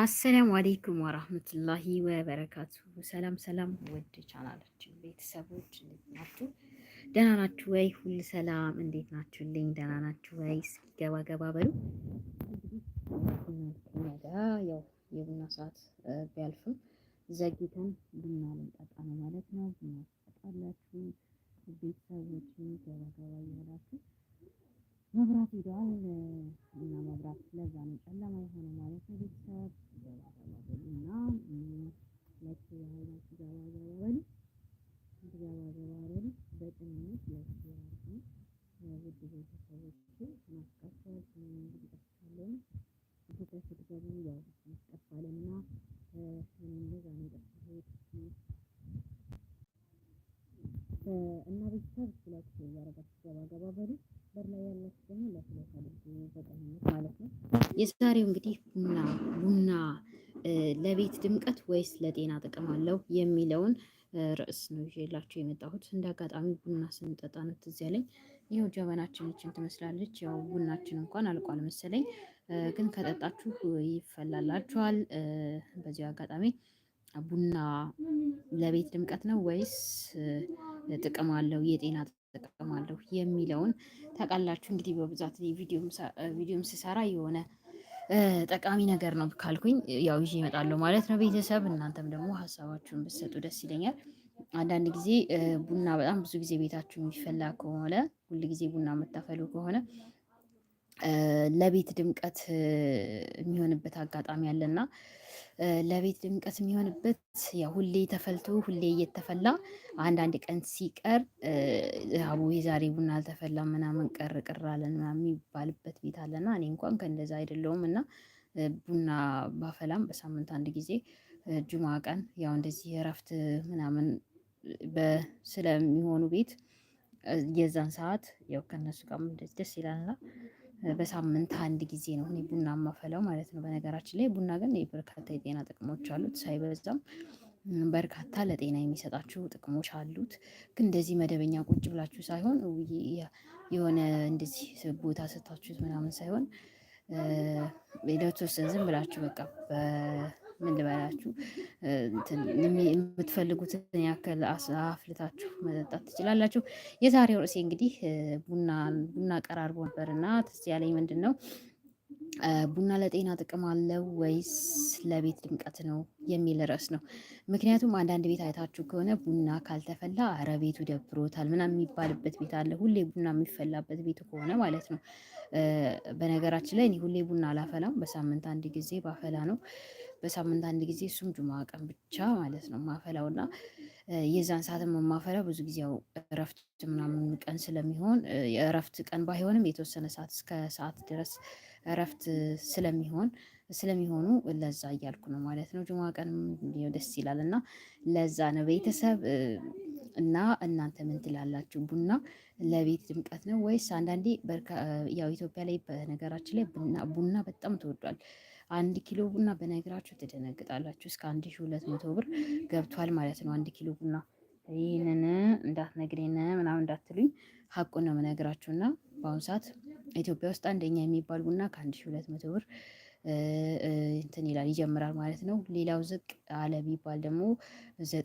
አሰላሙ አሌይኩም ወራህመቱላሂ ወበረካቱ። ሰላም ሰላም፣ ውድ ቻናላችን ቤተሰቦች እንዴት ናችሁ? ደህና ናችሁ ወይ? ሁሉ ሰላም እንዴት ናችሁልኝ? ደህና ናችሁ ወይ? እስኪ ገባ ገባ በሉ። ያው የቡና ሰዓት ቢያልፍም ዘግይተን ቡና ልንጠጣ ነው ማለት ነው። ይሆናል እና መብራት ለዛ ነው ጨለማ የሆነ ማለት ነው። ቤተሰብ ገባገባበሉና ለሱ ገባገባበሉ ገባገባበሉ በቅንነት ለሱ ውድ ቤተሰቦች ማስቀፈል ኢትዮጵያ ስትገቡ ያው ለዛ ነው እና ቤተሰብ ገባገባበሉ ያለ በቀኝነት ማለት ነው። የዛሬው እንግዲህ ቡና ቡና ለቤት ድምቀት ወይስ ለጤና ጥቅም አለው የሚለውን ርዕስ ነው ይዤላችሁ የመጣሁት። እንደ አጋጣሚ ቡና ስንጠጣ ነው ትዝ ያለኝ። ይኸው ጀበናችን ይችን ትመስላለች። ያው ቡናችን እንኳን አልቋል መሰለኝ፣ ግን ከጠጣችሁ ይፈላላችኋል። በዚሁ አጋጣሚ ቡና ለቤት ድምቀት ነው ወይስ ጥቅም አለው የጤና እጠቀማለሁ የሚለውን ታውቃላችሁ። እንግዲህ በብዛት ቪዲዮም ስሰራ የሆነ ጠቃሚ ነገር ነው ካልኩኝ ያው ይዤ እመጣለሁ ማለት ነው። ቤተሰብ እናንተም ደግሞ ሀሳባችሁን ብትሰጡ ደስ ይለኛል። አንዳንድ ጊዜ ቡና በጣም ብዙ ጊዜ ቤታችሁ የሚፈላ ከሆነ ሁል ጊዜ ቡና የምታፈሉ ከሆነ ለቤት ድምቀት የሚሆንበት አጋጣሚ አለና ለቤት ድምቀት የሚሆንበት ያው ሁሌ ተፈልቶ ሁሌ እየተፈላ አንዳንድ ቀን ሲቀር አቦ የዛሬ ቡና አልተፈላ ምናምን ቀር ቅር አለን ምናምን የሚባልበት ቤት አለና እኔ እንኳን ከእንደዛ አይደለውም እና ቡና ባፈላም በሳምንት አንድ ጊዜ ጁማ ቀን ያው እንደዚህ እረፍት ምናምን ስለሚሆኑ ቤት የዛን ሰዓት ያው ከነሱ ጋር ደስ ይላልና በሳምንት አንድ ጊዜ ነው እኔ ቡና የማፈላው ማለት ነው። በነገራችን ላይ ቡና ግን በርካታ የጤና ጥቅሞች አሉት። ሳይበዛም በርካታ ለጤና የሚሰጣችሁ ጥቅሞች አሉት። ግን እንደዚህ መደበኛ ቁጭ ብላችሁ ሳይሆን የሆነ እንደዚህ ቦታ ሰጥታችሁት ምናምን ሳይሆን ለተወሰነ ዝም ብላችሁ በቃ ምን ልበላችሁ የምትፈልጉትን ያክል አፍልታችሁ መጠጣት ትችላላችሁ። የዛሬው ርዕሴ እንግዲህ ቡና ቡና ቀራርቦ ነበርና ትዝ ያለኝ ምንድን ነው ቡና ለጤና ጥቅም አለው ወይስ ለቤት ድምቀት ነው የሚል ርዕስ ነው። ምክንያቱም አንዳንድ ቤት አይታችሁ ከሆነ ቡና ካልተፈላ አረ ቤቱ ደብሮታል ምናምን የሚባልበት ቤት አለ። ሁሌ ቡና የሚፈላበት ቤት ከሆነ ማለት ነው። በነገራችን ላይ እኔ ሁሌ ቡና አላፈላም። በሳምንት አንድ ጊዜ ባፈላ ነው። በሳምንት አንድ ጊዜ እሱም ጁማ ቀን ብቻ ማለት ነው ማፈላውና የዛን ሰዓትም የማፈራ ብዙ ጊዜው እረፍት ምናምን ቀን ስለሚሆን የእረፍት ቀን ባይሆንም የተወሰነ ሰዓት እስከ ሰዓት ድረስ እረፍት ስለሚሆን ስለሚሆኑ ለዛ እያልኩ ነው ማለት ነው። ጅማ ቀንም ደስ ይላል እና ለዛ ነው ቤተሰብ እና እናንተ ምን ትላላችሁ? ቡና ለቤት ድምቀት ነው ወይስ አንዳንዴ ያው ኢትዮጵያ ላይ በነገራችን ላይ ቡና በጣም ተወዷል። አንድ ኪሎ ቡና በነገራችሁ ትደነግጣላችሁ እስከ አንድ ሺ ሁለት መቶ ብር ገብቷል ማለት ነው። አንድ ኪሎ ቡና ይህንን እንዳትነግሬን ምናምን እንዳትሉኝ ሀቁን ነው የምነግራችሁ። እና በአሁኑ ሰዓት ኢትዮጵያ ውስጥ አንደኛ የሚባል ቡና ከአንድ ሺ ሁለት መቶ ብር እንትን ይላል ይጀምራል ማለት ነው። ሌላው ዝቅ አለ ቢባል ደግሞ ዘጠኝ